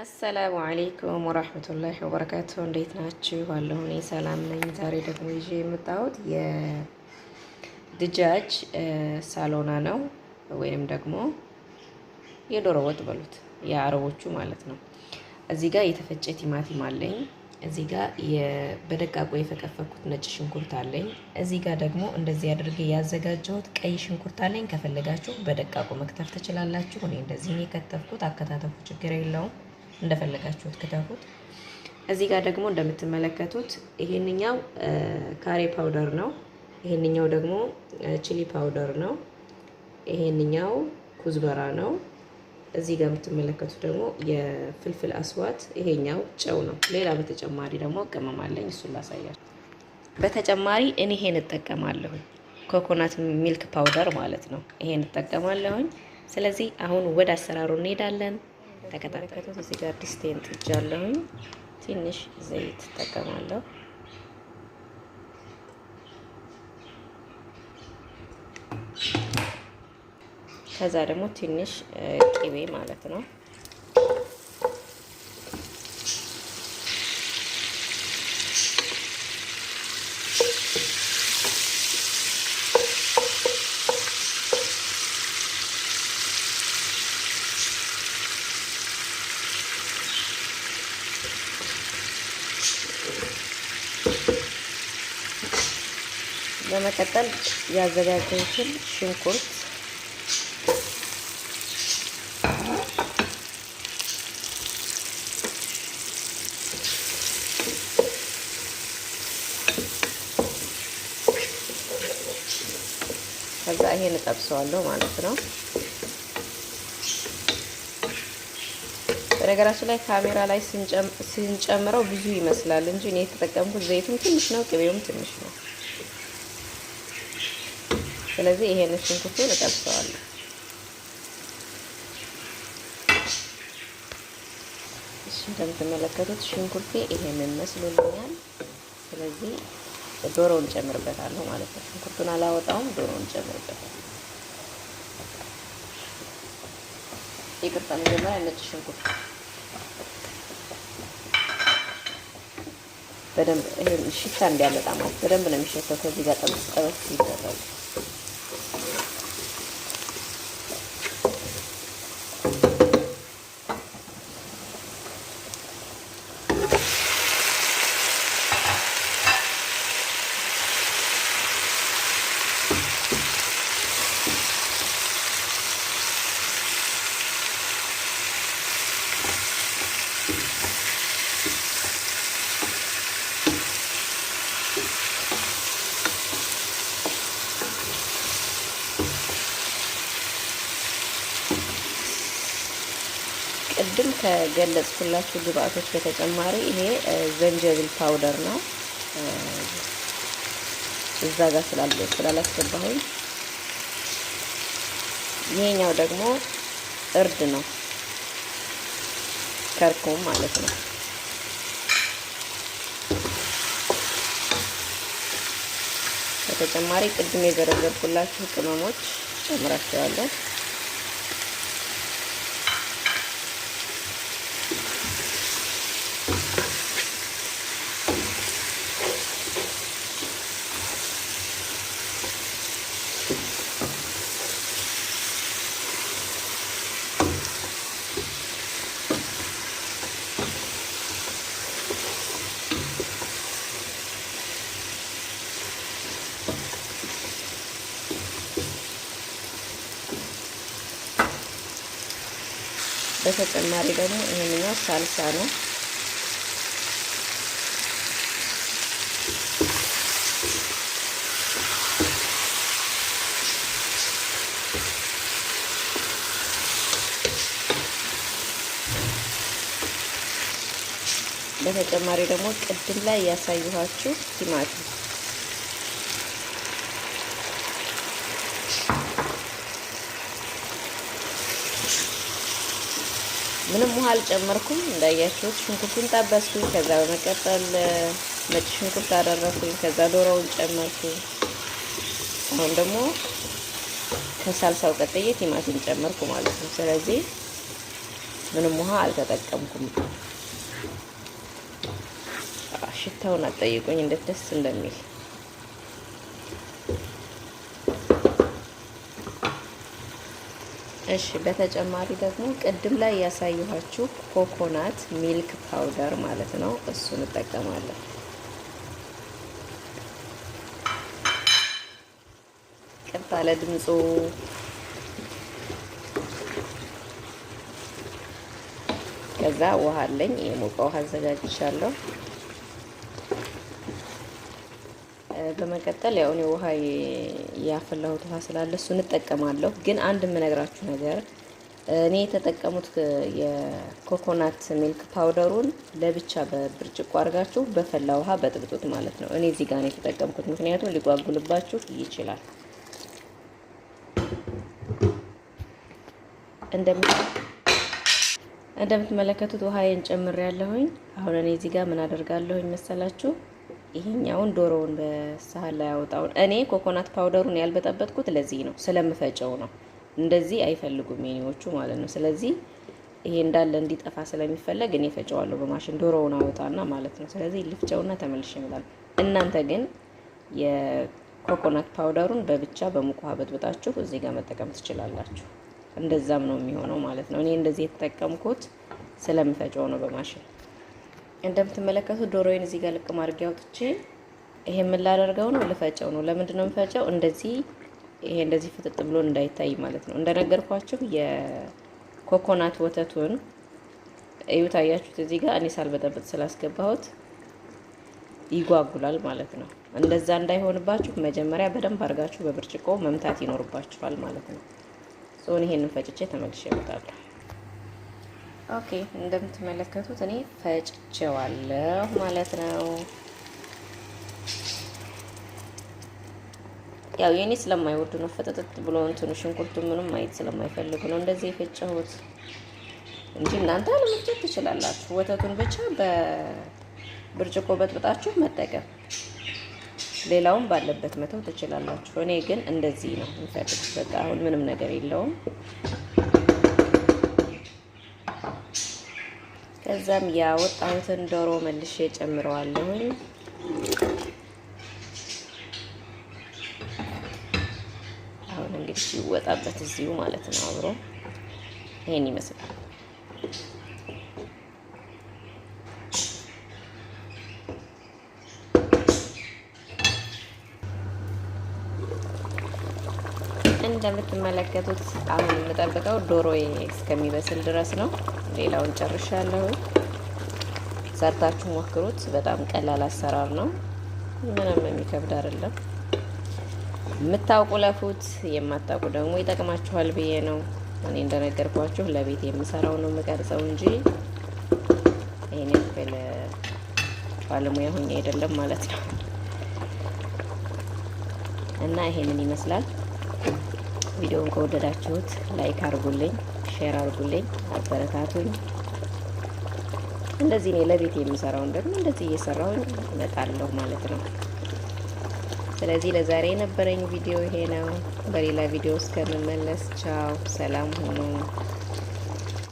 አሰላሙ አሌይኩም ወራህመቱላሂ ወበረካቱ። እንዴት ናችሁ? አለሁ እኔ ሰላም ነኝ። ዛሬ ደግሞ ይዤ የምጣሁት የድጃጅ ሳሎና ነው፣ ወይም ደግሞ የዶሮ ወጥ በሉት የአረቦቹ ማለት ነው። እዚህ ጋር የተፈጨ ቲማቲም አለኝ። እዚህ ጋር በደቃቁ የፈቀፈኩት ነጭ ሽንኩርት አለኝ። እዚህ ጋር ደግሞ እንደዚህ አድርጌ ያዘጋጀሁት ቀይ ሽንኩርት አለኝ። ከፈለጋችሁ በደቃቁ መክተፍ ትችላላችሁ። እኔ እንደዚህ የከተፍኩት። አከታተፉ ችግር የለውም። እንደፈለጋችሁት ክተፉት። እዚህ ጋር ደግሞ እንደምትመለከቱት ይሄንኛው ካሬ ፓውደር ነው። ይሄንኛው ደግሞ ቺሊ ፓውደር ነው። ይሄንኛው ኩዝበራ ነው። እዚህ ጋር የምትመለከቱት ደግሞ የፍልፍል አስዋት ይሄኛው ጨው ነው። ሌላ በተጨማሪ ደግሞ ቅመም አለኝ፣ እሱን ላሳያችሁ። በተጨማሪ እኔ ይሄን እጠቀማለሁኝ፣ ኮኮናት ሚልክ ፓውደር ማለት ነው። ይሄን እጠቀማለሁኝ። ስለዚህ አሁን ወደ አሰራሩ እንሄዳለን። ተከታተሉት። እዚህ ጋር ድስቴን ጥጃለሁኝ። ትንሽ ዘይት እጠቀማለሁ። ከዛ ደግሞ ትንሽ ቅቤ ማለት ነው በመቀጠል ያዘጋጀሁትን ሽንኩርት ከዛ ይሄን እጠብሰዋለሁ ማለት ነው። በነገራችን ላይ ካሜራ ላይ ስንጨምረው ብዙ ይመስላል እንጂ እኔ የተጠቀምኩት ዘይቱም ትንሽ ነው፣ ቅቤውም ትንሽ ነው። ስለዚህ ይሄን ሽንኩርቱን እጠብሰዋለሁ። እሺ እንደምትመለከቱት ሽንኩርቴ ይሄንን መስሎልኛል። ስለዚህ ዶሮውን ጨምርበታለሁ ማለት ነው። ሽንኩርቱን አላወጣውም፣ ዶሮውን ጨምርበታለሁ። ይቅርታ፣ መጀመሪያ ነጭ ሽንኩርት በደንብ ይሄን ሽታ እንዲያመጣ ማለት በደንብ ነው የሚሸተው። ከዚህ ጋር ጠበስ ጠበስ ይደረጋል። ቅድም ከገለጽኩላችሁ ግብአቶች በተጨማሪ ይሄ ዘንጀብል ፓውደር ነው። እዛ ጋር ስላላስገባሁኝ ይሄኛው ደግሞ እርድ ነው፣ ከርኩም ማለት ነው። በተጨማሪ ቅድም የዘረዘርኩላችሁ ቅመሞች ጨምራቸዋለሁ። በተጨማሪ ደግሞ ይሄኛው ሳልሳ ነው። በተጨማሪ ደግሞ ቅድም ላይ ያሳየኋችሁ ቲማቲም ምንም ውሃ አልጨመርኩም። እንዳያችሁት ሽንኩርቱን ጣበስኩኝ። ከዛ በመቀጠል ነጭ ሽንኩርት አደረኩኝ። ከዛ ዶሮውን ጨመርኩኝ። አሁን ደግሞ ከሳልሳው ቀጥዬ ቲማቲም ጨመርኩ ማለት ነው። ስለዚህ ምንም ውሃ አልተጠቀምኩም። ሽታውን አጠይቁኝ እንዴት ደስ እንደሚል እሺ በተጨማሪ ደግሞ ቅድም ላይ ያሳየኋችሁ ኮኮናት ሚልክ ፓውደር ማለት ነው። እሱን እንጠቀማለን። ቅርታ ለድምፁ ከዛ ውሃ አለኝ። የሞቀ ውሃ አዘጋጅቻለሁ። በመቀጠል ያው እኔ ውሃ ያፈላሁት ውሃ ስላለ እሱ እጠቀማለሁ። ግን አንድ የምነግራችሁ ነገር እኔ የተጠቀሙት የኮኮናት ሚልክ ፓውደሩን ለብቻ በብርጭቆ አድርጋችሁ በፈላ ውሃ በጥብጡት ማለት ነው። እኔ እዚህ ጋር ነው የተጠቀምኩት፣ ምክንያቱም ሊጓጉልባችሁ ይችላል። እንደምትመለከቱት ውሃዬን ጨምሬ ያለሁኝ። አሁን እኔ እዚህ ጋር ምን አደርጋለሁኝ መሰላችሁ? ይሄኛውን ዶሮውን በሳህን ላይ ያወጣውን እኔ ኮኮናት ፓውደሩን ያልበጠበጥኩት ለዚህ ነው፣ ስለምፈጨው ነው። እንደዚህ አይፈልጉም የኔዎቹ ማለት ነው። ስለዚህ ይሄ እንዳለ እንዲጠፋ ስለሚፈለግ እኔ ፈጨዋለሁ በማሽን ዶሮውን አወጣና ማለት ነው። ስለዚህ ልፍጨውና ተመልሼ እመጣለሁ። እናንተ ግን የኮኮናት ፓውደሩን በብቻ በሙቅ ውሃ በጥብጣችሁ እዚህ ጋር መጠቀም ትችላላችሁ። እንደዛም ነው የሚሆነው ማለት ነው። እኔ እንደዚህ የተጠቀምኩት ስለምፈጨው ነው በማሽን እንደምትመለከቱት ዶሮዬን እዚህ ጋር ልቅም አድርጌ አውጥቼ ይሄ ላደርገው ነው፣ ልፈጨው ነው። ለምንድን ነው የምፈጨው? እንደዚህ ይሄ እንደዚህ ፍጥጥ ብሎ እንዳይታይ ማለት ነው። እንደነገርኳችሁ የኮኮናት ወተቱን እዩ፣ ታያችሁት እዚህ ጋር እኔ ሳልበጠበጥ ስላስገባሁት ይጓጉላል ማለት ነው። እንደዛ እንዳይሆንባችሁ መጀመሪያ በደንብ አድርጋችሁ በብርጭቆ መምታት ይኖርባችኋል ማለት ነው። ሶን ይሄንን ፈጭቼ ተመልሼ እመጣለሁ። ኦኬ እንደምትመለከቱት እኔ ፈጭቼዋለሁ ማለት ነው። ያው የኔ ስለማይወዱ ነው ፈጠጥጥ ብሎ እንትኑ ሽንኩርቱ ምንም ማየት ስለማይፈልጉ ነው እንደዚህ የፈጨሁት እንጂ እናንተ አለመፍጨት ትችላላችሁ። ወተቱን ብቻ በብርጭቆ በጥብጣችሁ መጠቀም፣ ሌላውን ባለበት መተው ትችላላችሁ። እኔ ግን እንደዚህ ነው በቃ አሁን ምንም ነገር የለውም። ከዛም ያወጣሁትን ዶሮ መልሼ ጨምረዋለሁኝ። አሁን እንግዲህ ይወጣበት እዚሁ ማለት ነው አብሮ ይሄን ይመስላል። እንደምትመለከቱት አሁን የምጠብቀው ዶሮዬ እስከሚበስል ድረስ ነው። ሌላውን ጨርሻለሁ። ሰርታችሁ ሞክሩት። በጣም ቀላል አሰራር ነው። ምንም የሚከብድ አይደለም። የምታውቁ ለፉት፣ የማታውቁ ደግሞ ይጠቅማችኋል ብዬ ነው። እኔ እንደነገርኳችሁ ለቤት የምሰራው ነው የምቀርጸው እንጂ ይህን ያክል ባለሙያ ሆኜ አይደለም ማለት ነው። እና ይሄንን ይመስላል። ቪዲዮውን ከወደዳችሁት ላይክ አድርጉልኝ፣ ሼር አርጉልኝ፣ አበረታቱኝ። እንደዚህ እኔ ለቤት የምሰራውን ደግሞ እንደዚህ እየሰራውን እመጣለሁ ማለት ነው። ስለዚህ ለዛሬ የነበረኝ ቪዲዮ ይሄ ነው። በሌላ ቪዲዮ እስከምመለስ ቻው፣ ሰላም ሁኑ።